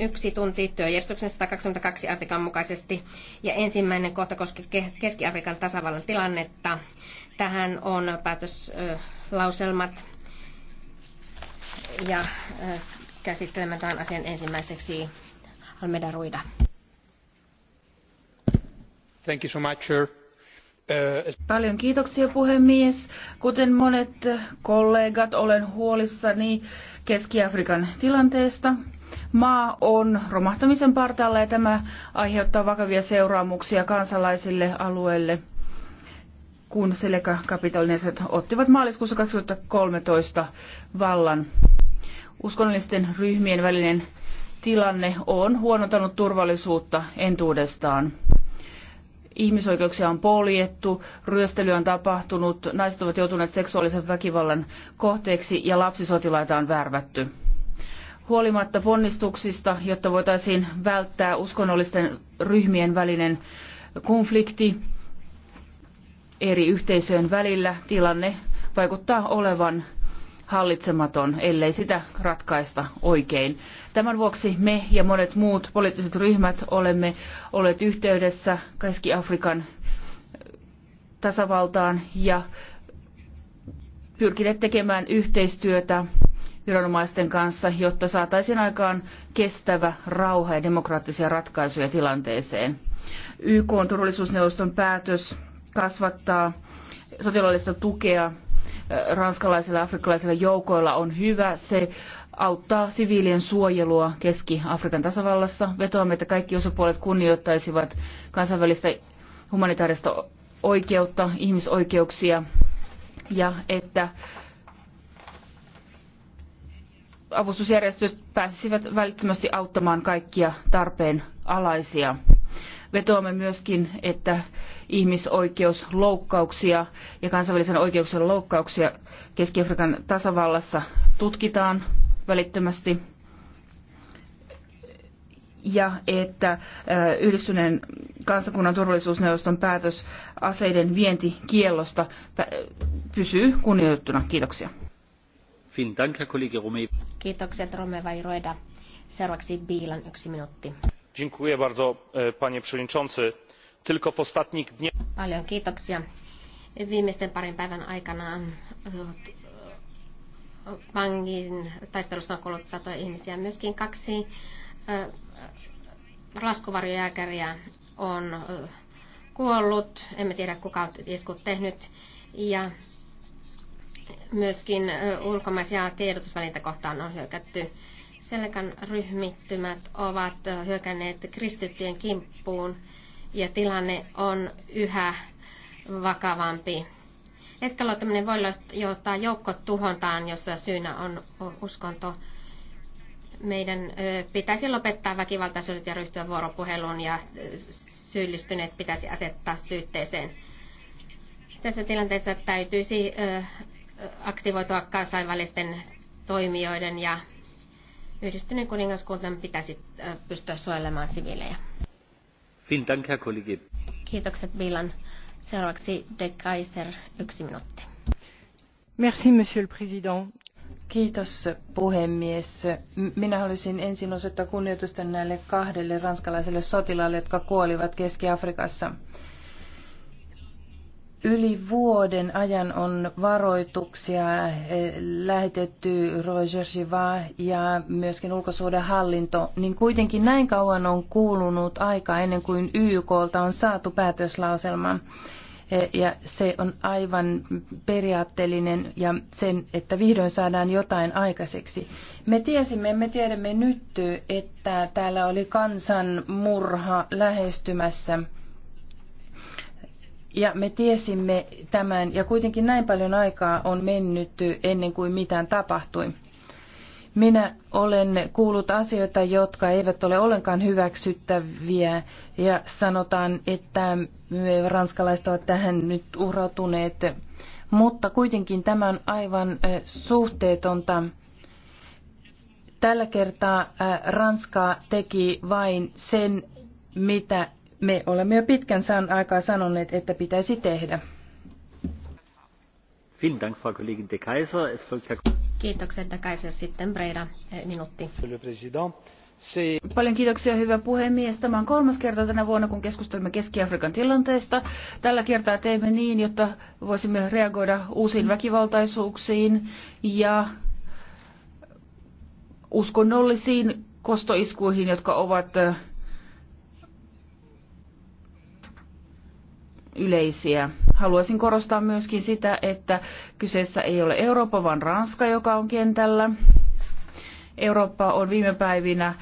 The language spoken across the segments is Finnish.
yksi tunti työjärjestyksen 122 artiklan mukaisesti ja ensimmäinen kohta koskee Keski-Afrikan tasavallan tilannetta. Tähän on päätöslauselmat ja äh, käsittelemme tämän asian ensimmäiseksi Almeda Ruida. Thank you so much, sir. Äh, Paljon kiitoksia puhemies. Kuten monet kollegat, olen huolissani Keski-Afrikan tilanteesta. Maa on romahtamisen partaalla ja tämä aiheuttaa vakavia seuraamuksia kansalaisille alueelle kun Seleka kapitolinaiset ottivat maaliskuussa 2013 vallan. Uskonnollisten ryhmien välinen tilanne on huonontanut turvallisuutta entuudestaan. Ihmisoikeuksia on poljettu, ryöstely on tapahtunut, naiset ovat joutuneet seksuaalisen väkivallan kohteeksi ja lapsisotilaita on värvätty. Huolimatta ponnistuksista, jotta voitaisiin välttää uskonnollisten ryhmien välinen konflikti eri yhteisöjen välillä, tilanne vaikuttaa olevan hallitsematon, ellei sitä ratkaista oikein. Tämän vuoksi me ja monet muut poliittiset ryhmät olemme olleet yhteydessä Keski-Afrikan tasavaltaan ja pyrkineet tekemään yhteistyötä viranomaisten kanssa, jotta saataisiin aikaan kestävä rauha ja demokraattisia ratkaisuja tilanteeseen. YK on turvallisuusneuvoston päätös kasvattaa sotilaallista tukea ranskalaisilla ja afrikkalaisilla joukoilla on hyvä. Se auttaa siviilien suojelua Keski-Afrikan tasavallassa. Vetoamme, että kaikki osapuolet kunnioittaisivat kansainvälistä humanitaarista oikeutta, ihmisoikeuksia ja että avustusjärjestöt pääsisivät välittömästi auttamaan kaikkia tarpeen alaisia. Vetoamme myöskin, että ihmisoikeusloukkauksia ja kansainvälisen oikeuksien loukkauksia Keski-Afrikan tasavallassa tutkitaan välittömästi ja että yhdistyneen kansakunnan turvallisuusneuvoston päätös aseiden vientikiellosta pysyy kunnioitettuna. Kiitoksia. Kiitokset Romeva Iroida. Seuraavaksi Biilan yksi minuutti. Dziękuję bardzo, e, panie przewodniczący. Tylko w ostatnich dniach... Paljon kiitoksia. Viimeisten parin päivän aikana e, vangin taistelussa on kuollut satoja ihmisiä. Myöskin kaksi e, laskuvarjojääkäriä on kuollut. Emme tiedä, kuka on iskut tehnyt. Ja myöskin ulkomaisia kohtaan on hyökätty. Selkan ryhmittymät ovat hyökänneet kristittyjen kimppuun ja tilanne on yhä vakavampi. Eskaloittaminen voi johtaa tuhontaan, jossa syynä on uskonto. Meidän pitäisi lopettaa väkivaltaisuudet ja ryhtyä vuoropuheluun ja syyllistyneet pitäisi asettaa syytteeseen. Tässä tilanteessa täytyisi aktivoitua kansainvälisten toimijoiden ja yhdistyneen kuningaskunnan pitäisi pystyä suojelemaan siviilejä. Kiitokset Bilan. Seuraavaksi De Kaiser, yksi minuutti. Merci, monsieur le président. Kiitos puhemies. Minä haluaisin ensin osoittaa kunnioitusta näille kahdelle ranskalaiselle sotilaalle, jotka kuolivat Keski-Afrikassa. Yli vuoden ajan on varoituksia eh, lähetetty Roger Shiva ja myöskin ulkosuuden hallinto, niin kuitenkin näin kauan on kuulunut aika ennen kuin YKlta on saatu päätöslauselma. Eh, ja se on aivan periaatteellinen ja sen, että vihdoin saadaan jotain aikaiseksi. Me tiesimme, me tiedämme nyt, että täällä oli kansanmurha lähestymässä. Ja me tiesimme tämän, ja kuitenkin näin paljon aikaa on mennyt ennen kuin mitään tapahtui. Minä olen kuullut asioita, jotka eivät ole ollenkaan hyväksyttäviä, ja sanotaan, että ranskalaiset ovat tähän nyt uhrautuneet. Mutta kuitenkin tämä on aivan suhteetonta. Tällä kertaa Ranska teki vain sen, mitä me olemme jo pitkän saan aikaa sanoneet, että pitäisi tehdä. Kiitokset, De Kaiser. Sitten Breda, eh, minuutti. Paljon kiitoksia, hyvä puhemies. Tämä on kolmas kerta tänä vuonna, kun keskustelemme Keski-Afrikan tilanteesta. Tällä kertaa teemme niin, jotta voisimme reagoida uusiin väkivaltaisuuksiin ja uskonnollisiin kostoiskuihin, jotka ovat eh, yleisiä. Haluaisin korostaa myöskin sitä, että kyseessä ei ole Eurooppa, vaan Ranska, joka on kentällä. Eurooppa on viime päivinä ähm,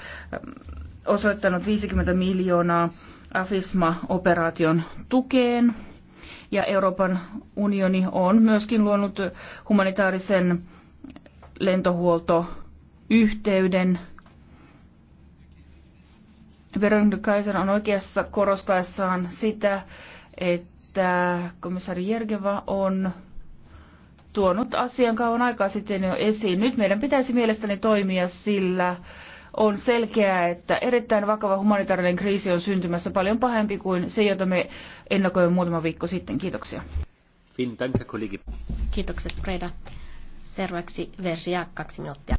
osoittanut 50 miljoonaa AFISMA-operaation tukeen. Ja Euroopan unioni on myöskin luonut humanitaarisen lentohuoltoyhteyden. Veronika Kaiser on oikeassa korostaessaan sitä, että komissaari Jergeva on tuonut asian kauan aikaa sitten jo esiin. Nyt meidän pitäisi mielestäni toimia sillä, on selkeää, että erittäin vakava humanitaarinen kriisi on syntymässä paljon pahempi kuin se, jota me ennakoimme muutama viikko sitten. Kiitoksia. Kiitokset Preda. Seuraavaksi Versia, kaksi minuuttia.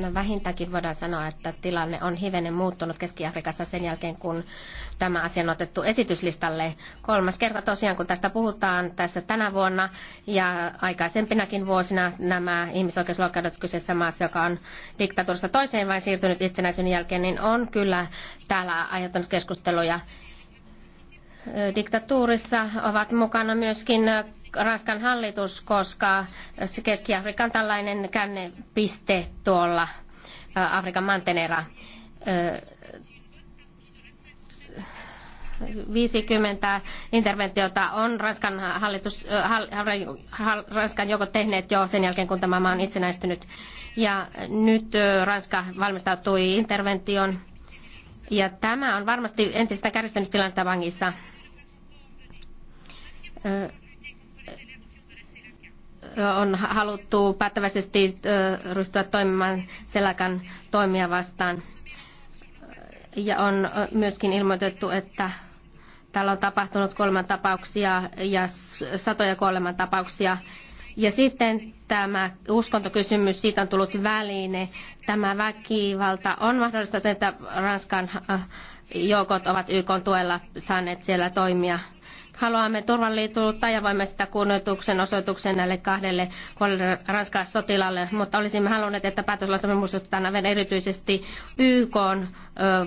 No vähintäänkin voidaan sanoa, että tilanne on hivenen muuttunut Keski-Afrikassa sen jälkeen, kun tämä asia on otettu esityslistalle. Kolmas kerta tosiaan, kun tästä puhutaan tässä tänä vuonna ja aikaisempinakin vuosina nämä ihmisoikeusloukkaudet kyseessä maassa, joka on diktatuurista toiseen vai siirtynyt itsenäisen jälkeen, niin on kyllä täällä aiheuttanut keskusteluja diktatuurissa ovat mukana myöskin Ranskan hallitus, koska Keski-Afrikan tällainen kännepiste tuolla äh, Afrikan manteneella 50 äh, interventiota on Ranskan, hallitus, äh, Ranskan joko tehneet jo sen jälkeen, kun tämä maa on itsenäistynyt. Ja nyt Ranska valmistautui intervention. Ja tämä on varmasti entistä kärjistänyt tilannetta vangissa on haluttu päättäväisesti ryhtyä toimimaan Selakan toimia vastaan. Ja on myöskin ilmoitettu, että täällä on tapahtunut kolme tapauksia ja satoja kolme tapauksia. Ja sitten tämä uskontokysymys, siitä on tullut väline. Tämä väkivalta on mahdollista sen, että Ranskan joukot ovat YK tuella saaneet siellä toimia Haluamme turvallisuutta ja voimme sitä kunnioituksen osoituksen näille kahdelle Ranskan sotilalle, mutta olisimme halunneet, että päätöslauselma muistuttaa aivan erityisesti YK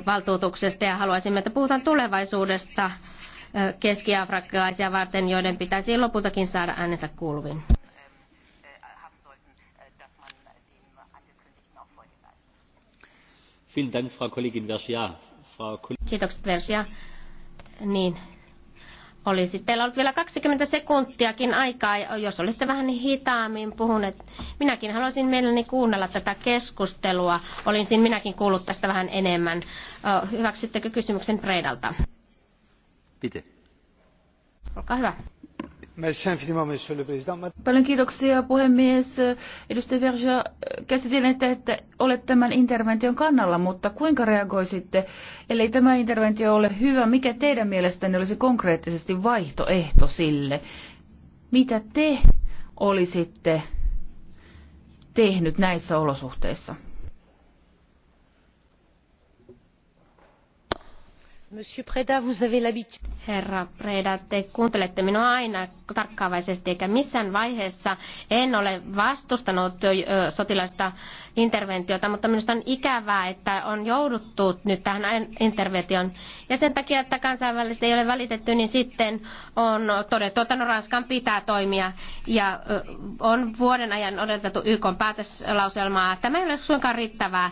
valtuutuksesta ja haluaisimme, että puhutaan tulevaisuudesta keski-afrikkalaisia varten, joiden pitäisi lopultakin saada äänensä kuuluviin. Kiitokset Versia. Niin, olisi teillä on vielä 20 sekuntiakin aikaa, jos olisitte vähän hitaammin puhuneet. Minäkin haluaisin mielelläni kuunnella tätä keskustelua. Olisin minäkin kuullut tästä vähän enemmän. Hyväksyttekö kysymyksen Preidalta? Pite. Olkaa hyvä. Paljon kiitoksia puhemies. Edustaja Verja, käsitin, että, että olet tämän intervention kannalla, mutta kuinka reagoisitte, ellei tämä interventio ole hyvä, mikä teidän mielestänne olisi konkreettisesti vaihtoehto sille? Mitä te olisitte tehnyt näissä olosuhteissa? Preda, Herra Preda, te kuuntelette minua aina tarkkaavaisesti, eikä missään vaiheessa en ole vastustanut sotilaista interventiota, mutta minusta on ikävää, että on jouduttu nyt tähän interventioon. Ja sen takia, että kansainvälisesti ei ole välitetty, niin sitten on todettu, että no, Ranskan pitää toimia. Ja on vuoden ajan odotettu YK päätöslauselmaa. Tämä ei ole suinkaan riittävää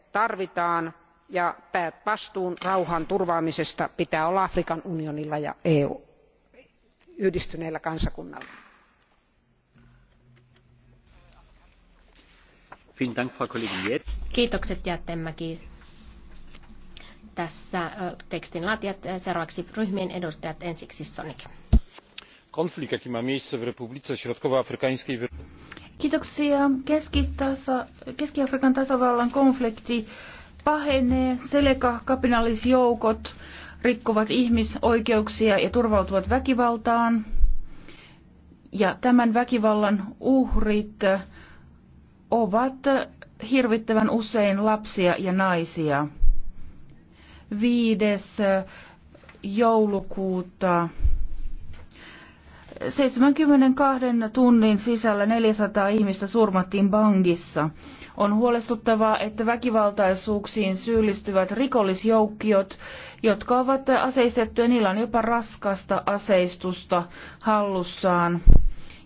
tarvitaan ja päävastuun rauhan turvaamisesta pitää olla afrikan unionilla ja e yhdistyneellä kansakunnalla. Kiitokset Jättemäki. Tässä tekstin laatijat, seuraavaksi ryhmien edustajat ensiksi Sonic. Konflikt, jaki ma miejsce w Republice Środkowoafrykańskiej Kiitoksia. Keski-tasa, Keski-Afrikan tasavallan konflikti pahenee. Seleka-kapinallisjoukot rikkovat ihmisoikeuksia ja turvautuvat väkivaltaan. Ja tämän väkivallan uhrit ovat hirvittävän usein lapsia ja naisia. 5. joulukuuta 72 tunnin sisällä 400 ihmistä surmattiin Bangissa. On huolestuttavaa, että väkivaltaisuuksiin syyllistyvät rikollisjoukkiot, jotka ovat aseistettuja, niillä on jopa raskasta aseistusta hallussaan.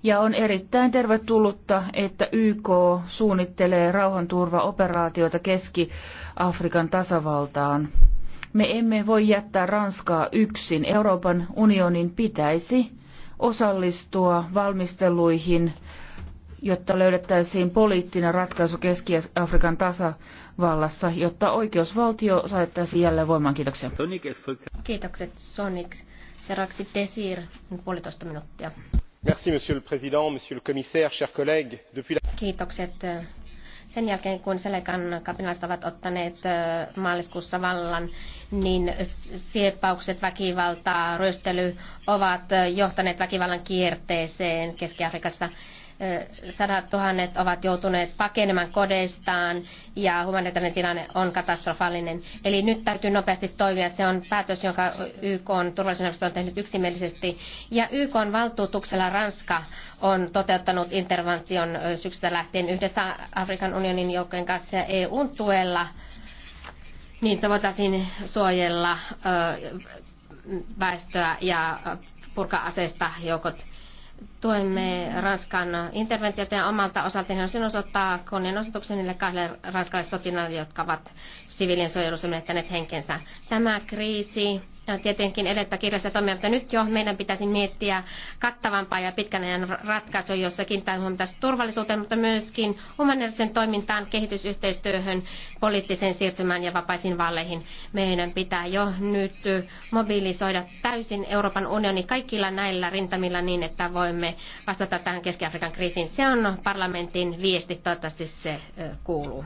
Ja on erittäin tervetullutta, että YK suunnittelee rauhanturvaoperaatioita Keski-Afrikan tasavaltaan. Me emme voi jättää Ranskaa yksin. Euroopan unionin pitäisi osallistua valmisteluihin, jotta löydettäisiin poliittinen ratkaisu Keski-Afrikan tasavallassa, jotta oikeusvaltio saattaisi jälleen voimaan. Kiitoksia. Kiitokset Sonic. Seuraavaksi Desir, puolitoista minuuttia. Merci, monsieur le président, monsieur le commissaire, chers collègues. Depuis la... Kiitokset sen jälkeen, kun Selekan kapinalliset ovat ottaneet maaliskuussa vallan, niin sieppaukset, väkivaltaa, ryöstely ovat johtaneet väkivallan kierteeseen Keski-Afrikassa sadat tuhannet ovat joutuneet pakenemaan kodeistaan ja humanitaarinen tilanne on katastrofaalinen. Eli nyt täytyy nopeasti toimia. Se on päätös, jonka YK on turvallisuusneuvosto on tehnyt yksimielisesti. Ja YK on valtuutuksella Ranska on toteuttanut intervention syksystä lähtien yhdessä Afrikan unionin joukkojen kanssa ja EUn tuella. Niin voitaisiin suojella väestöä ja purkaa aseista joukot tuemme Ranskan interventiota ja omalta osaltani on sinun osoittaa osoituksen niille kahdelle ranskalaisille sotilaille, jotka ovat siviilien suojelussa menettäneet henkensä. Tämä kriisi tietenkin edettä kirjassa toimia, mutta nyt jo meidän pitäisi miettiä kattavampaa ja pitkän ajan ratkaisua, jossa kiinnittää huomiota turvallisuuteen, mutta myöskin humanitaarisen toimintaan, kehitysyhteistyöhön, poliittiseen siirtymään ja vapaisiin valleihin. Meidän pitää jo nyt mobilisoida täysin Euroopan unioni kaikilla näillä rintamilla niin, että voimme vastata tähän Keski-Afrikan kriisiin. Se on parlamentin viesti, toivottavasti se kuuluu.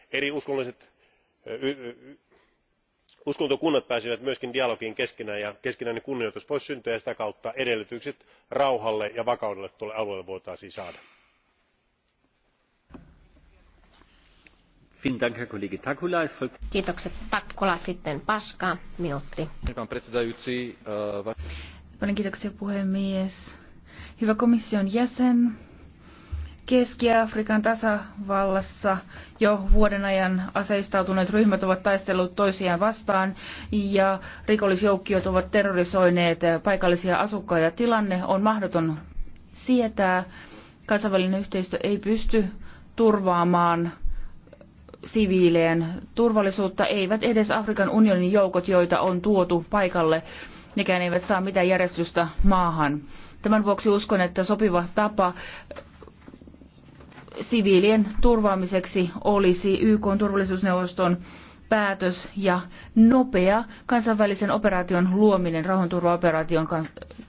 eri uskontokunnat pääsisivät myös dialogiin keskenään ja keskinäinen kunnioitus voisi syntyä ja sitä kautta edellytykset rauhalle ja vakaudelle tuolle alueelle voitaisiin saada. Kiitokset Sitten äh, puhemies. Hyvä komission jäsen, Keski-Afrikan tasavallassa jo vuoden ajan aseistautuneet ryhmät ovat taistelleet toisiaan vastaan ja rikollisjoukkiot ovat terrorisoineet paikallisia asukkaita. Tilanne on mahdoton sietää. Kansainvälinen yhteistyö ei pysty turvaamaan siviileen turvallisuutta, eivät edes Afrikan unionin joukot, joita on tuotu paikalle. Nekään eivät saa mitään järjestystä maahan. Tämän vuoksi uskon, että sopiva tapa siviilien turvaamiseksi olisi YK turvallisuusneuvoston päätös ja nopea kansainvälisen operaation luominen rauhanturvaoperaation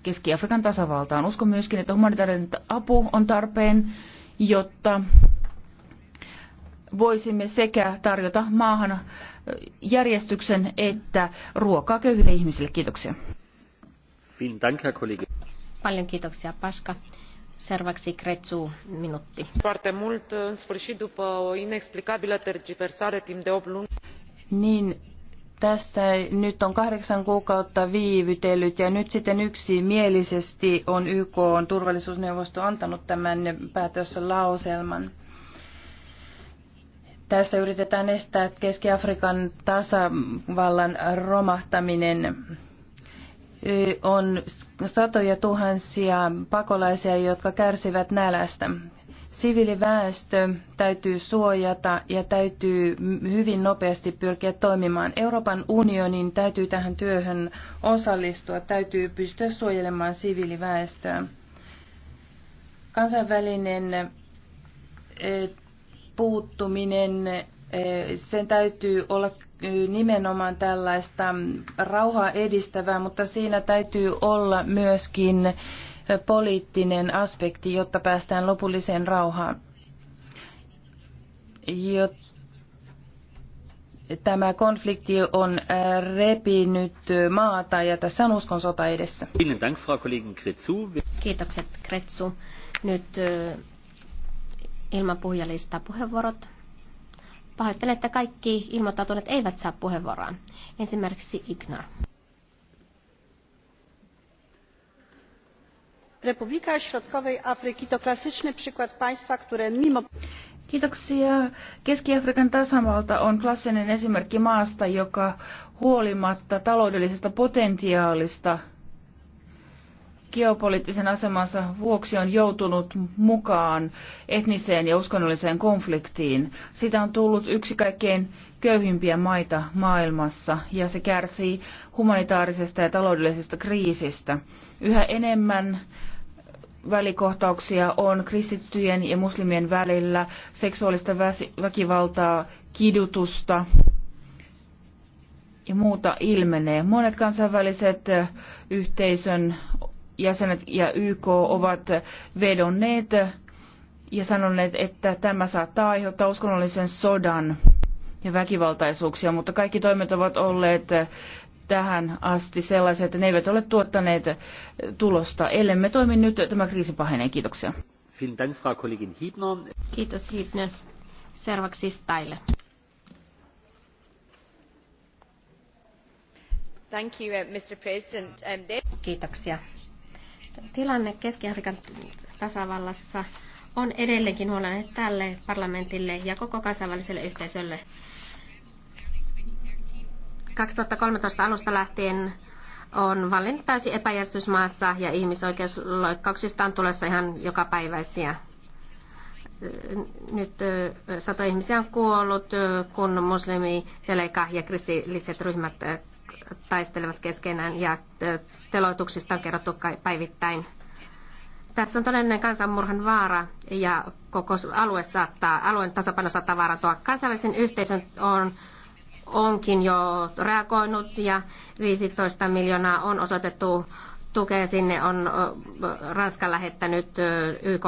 Keski-Afrikan tasavaltaan. Uskon myöskin, että humanitaarinen apu on tarpeen, jotta voisimme sekä tarjota maahan järjestyksen että ruokaa köyhille ihmisille. Kiitoksia. Paljon kiitoksia, Paska. Foarte mult, în sfârșit, după o inexplicabilă tergiversare timp de 8 luni. Niin, tässä nyt on kahdeksan kuukautta viivytellyt ja nyt sitten yksimielisesti on YK on turvallisuusneuvosto antanut tämän päätöslauselman. Tässä yritetään estää Keski-Afrikan tasavallan romahtaminen on satoja tuhansia pakolaisia, jotka kärsivät nälästä. Siviiliväestö täytyy suojata ja täytyy hyvin nopeasti pyrkiä toimimaan. Euroopan unionin täytyy tähän työhön osallistua, täytyy pystyä suojelemaan siviiliväestöä. Kansainvälinen puuttuminen, sen täytyy olla nimenomaan tällaista rauhaa edistävää, mutta siinä täytyy olla myöskin poliittinen aspekti, jotta päästään lopulliseen rauhaan. Tämä konflikti on äh, repinyt maata ja tässä on uskon sota edessä. Kiitokset Kretsu. Nyt äh, ilman puhujalista puheenvuorot. Pahoittelen, että kaikki ilmoittautuneet eivät saa puheenvuoroa. Esimerkiksi Ignar. Republika Środkowej Afryki to klasyczny przykład państwa, które mimo... Kiitoksia. Keski-Afrikan tasamalta on klassinen esimerkki maasta, joka huolimatta taloudellisesta potentiaalista – geopoliittisen asemansa vuoksi on joutunut mukaan etniseen ja uskonnolliseen konfliktiin. Sitä on tullut yksi kaikkein köyhimpiä maita maailmassa ja se kärsii humanitaarisesta ja taloudellisesta kriisistä. Yhä enemmän välikohtauksia on kristittyjen ja muslimien välillä, seksuaalista väkivaltaa, kidutusta, ja muuta ilmenee. Monet kansainväliset yhteisön jäsenet ja YK ovat vedonneet ja sanoneet, että tämä saattaa aiheuttaa uskonnollisen sodan ja väkivaltaisuuksia, mutta kaikki toimet ovat olleet tähän asti sellaisia, että ne eivät ole tuottaneet tulosta. Ellemme toimi nyt, tämä kriisi pahenee. Kiitoksia. Kiitos Hiebner. Seuraavaksi Staile. Siis Thank you, uh, Mr. President. Um, Kiitoksia Tilanne Keski-Afrikan tasavallassa on edelleenkin huolenne tälle parlamentille ja koko kansainväliselle yhteisölle. 2013 alusta lähtien on vallinnut täysi epäjärjestys maassa ja ihmisoikeusloikkauksista on tulossa ihan jokapäiväisiä. Nyt sata ihmisiä on kuollut, kun muslimi, seleka ja kristilliset ryhmät taistelevat keskenään ja teloituksista on kerrottu päivittäin. Tässä on todellinen kansanmurhan vaara ja koko alue saattaa, alueen tasapaino saattaa vaarantua. Kansainvälisen yhteisön on onkin jo reagoinut ja 15 miljoonaa on osoitettu tukea sinne on Ranska lähettänyt YK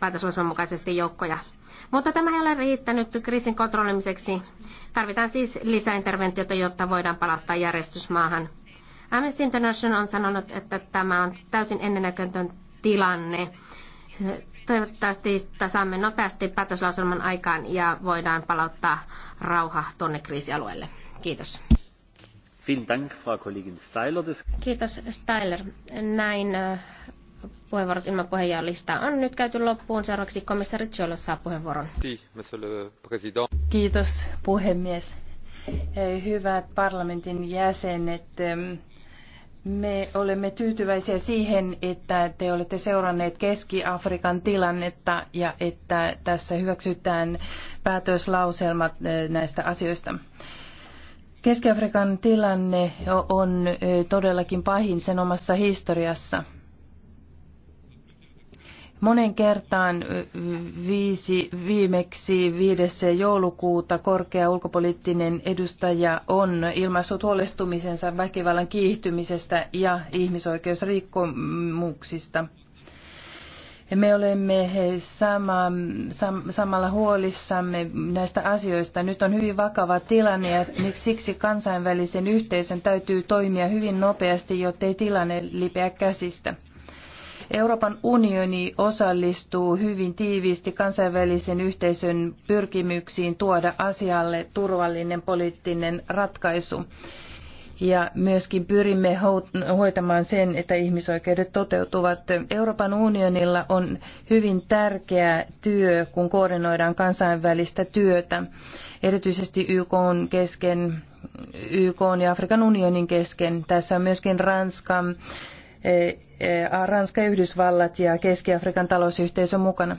päätöslauselman mukaisesti joukkoja. Mutta tämä ei ole riittänyt kriisin kontrollimiseksi. Tarvitaan siis lisäinterventiota, jotta voidaan palauttaa järjestysmaahan. Amnesty International on sanonut, että tämä on täysin ennennäkötön tilanne. Toivottavasti saamme nopeasti päätöslauselman aikaan ja voidaan palauttaa rauha tuonne kriisialueelle. Kiitos. Kiitos Styler. Näin äh, puheenvuorot ilman puheenjohtajan listaa on nyt käyty loppuun. Seuraavaksi komissari Ciolo saa puheenvuoron. Kiitos puhemies. Hyvät parlamentin jäsenet, me olemme tyytyväisiä siihen, että te olette seuranneet Keski-Afrikan tilannetta ja että tässä hyväksytään päätöslauselmat eh, näistä asioista. Keski-Afrikan tilanne on eh, todellakin pahin sen omassa historiassa. Monen kertaan viisi, viimeksi 5. joulukuuta korkea ulkopoliittinen edustaja on ilmaissut huolestumisensa väkivallan kiihtymisestä ja ihmisoikeusrikkomuksista. Me olemme sama, sam, samalla huolissamme näistä asioista. Nyt on hyvin vakava tilanne ja siksi kansainvälisen yhteisön täytyy toimia hyvin nopeasti, jottei tilanne lipeä käsistä. Euroopan unioni osallistuu hyvin tiiviisti kansainvälisen yhteisön pyrkimyksiin tuoda asialle turvallinen poliittinen ratkaisu. Ja myöskin pyrimme hoitamaan sen, että ihmisoikeudet toteutuvat. Euroopan unionilla on hyvin tärkeä työ, kun koordinoidaan kansainvälistä työtä, erityisesti YK on kesken, YK on ja Afrikan unionin kesken. Tässä on myöskin Ranska, E, e, Ranska, Yhdysvallat ja Keski-Afrikan talousyhteisö mukana.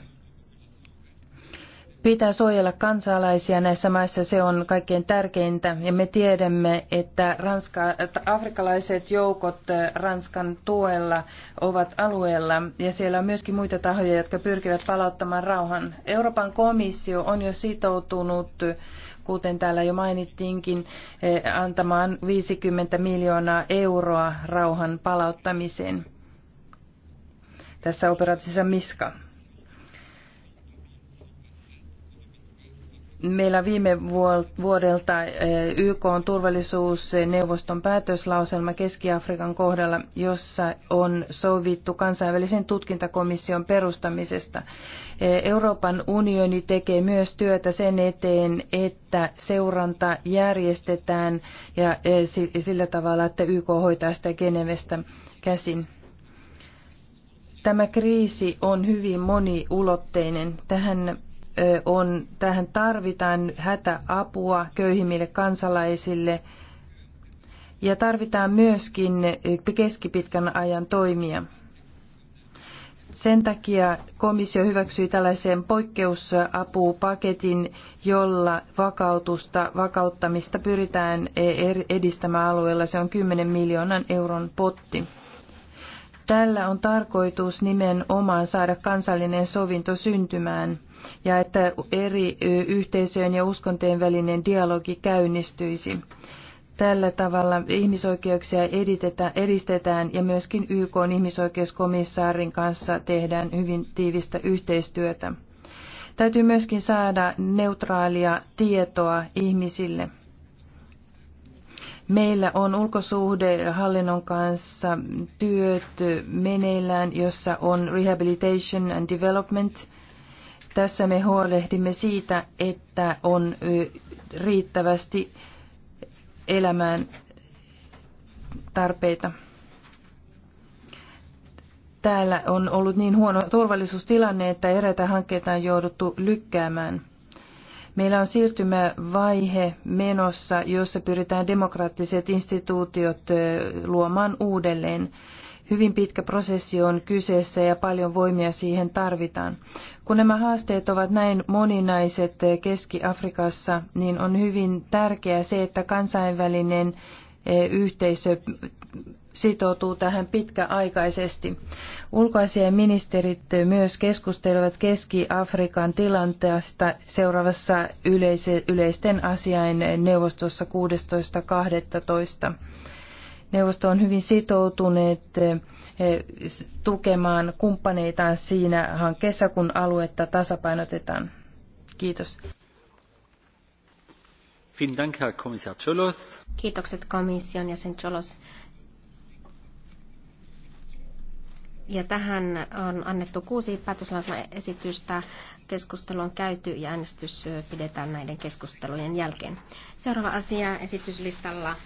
Pitää suojella kansalaisia näissä maissa, se on kaikkein tärkeintä. Ja me tiedämme, että Ranska, että afrikkalaiset joukot Ranskan tuella ovat alueella ja siellä on myöskin muita tahoja, jotka pyrkivät palauttamaan rauhan. Euroopan komissio on jo sitoutunut kuten täällä jo mainittiinkin, eh, antamaan 50 miljoonaa euroa rauhan palauttamiseen tässä operaatiossa Miska. Meillä viime vuodelta eh, YK on turvallisuusneuvoston päätöslauselma Keski-Afrikan kohdalla, jossa on sovittu kansainvälisen tutkintakomission perustamisesta. Eh, Euroopan unioni tekee myös työtä sen eteen, että seuranta järjestetään ja eh, sillä tavalla, että YK hoitaa sitä Genevestä käsin. Tämä kriisi on hyvin moniulotteinen. Tähän on, tähän tarvitaan hätäapua köyhimmille kansalaisille ja tarvitaan myöskin keskipitkän ajan toimia. Sen takia komissio hyväksyi tällaisen poikkeusapupaketin, jolla vakautusta, vakauttamista pyritään edistämään alueella. Se on 10 miljoonan euron potti. Tällä on tarkoitus nimenomaan saada kansallinen sovinto syntymään ja että eri yhteisöjen ja uskontojen välinen dialogi käynnistyisi. Tällä tavalla ihmisoikeuksia edistetään ja myöskin YK ihmisoikeuskomissaarin kanssa tehdään hyvin tiivistä yhteistyötä. Täytyy myöskin saada neutraalia tietoa ihmisille. Meillä on ulkosuhdehallinnon kanssa työt meneillään, jossa on Rehabilitation and Development – tässä me huolehdimme siitä, että on riittävästi elämään tarpeita. Täällä on ollut niin huono turvallisuustilanne, että eräitä hankkeita on jouduttu lykkäämään. Meillä on siirtymävaihe menossa, jossa pyritään demokraattiset instituutiot luomaan uudelleen. Hyvin pitkä prosessi on kyseessä ja paljon voimia siihen tarvitaan. Kun nämä haasteet ovat näin moninaiset Keski-Afrikassa, niin on hyvin tärkeää se, että kansainvälinen e, yhteisö sitoutuu tähän pitkäaikaisesti. ministerit myös keskustelevat Keski-Afrikan tilanteesta seuraavassa yleisten asiain neuvostossa 16.12. Neuvosto on hyvin sitoutuneet eh, tukemaan kumppaneitaan siinä hankkeessa, kun aluetta tasapainotetaan. Kiitos. Kiitokset komission jäsen Cholos. Ja tähän on annettu kuusi päätöslauselmaesitystä. Keskustelu on käyty ja äänestys pidetään näiden keskustelujen jälkeen. Seuraava asia esityslistalla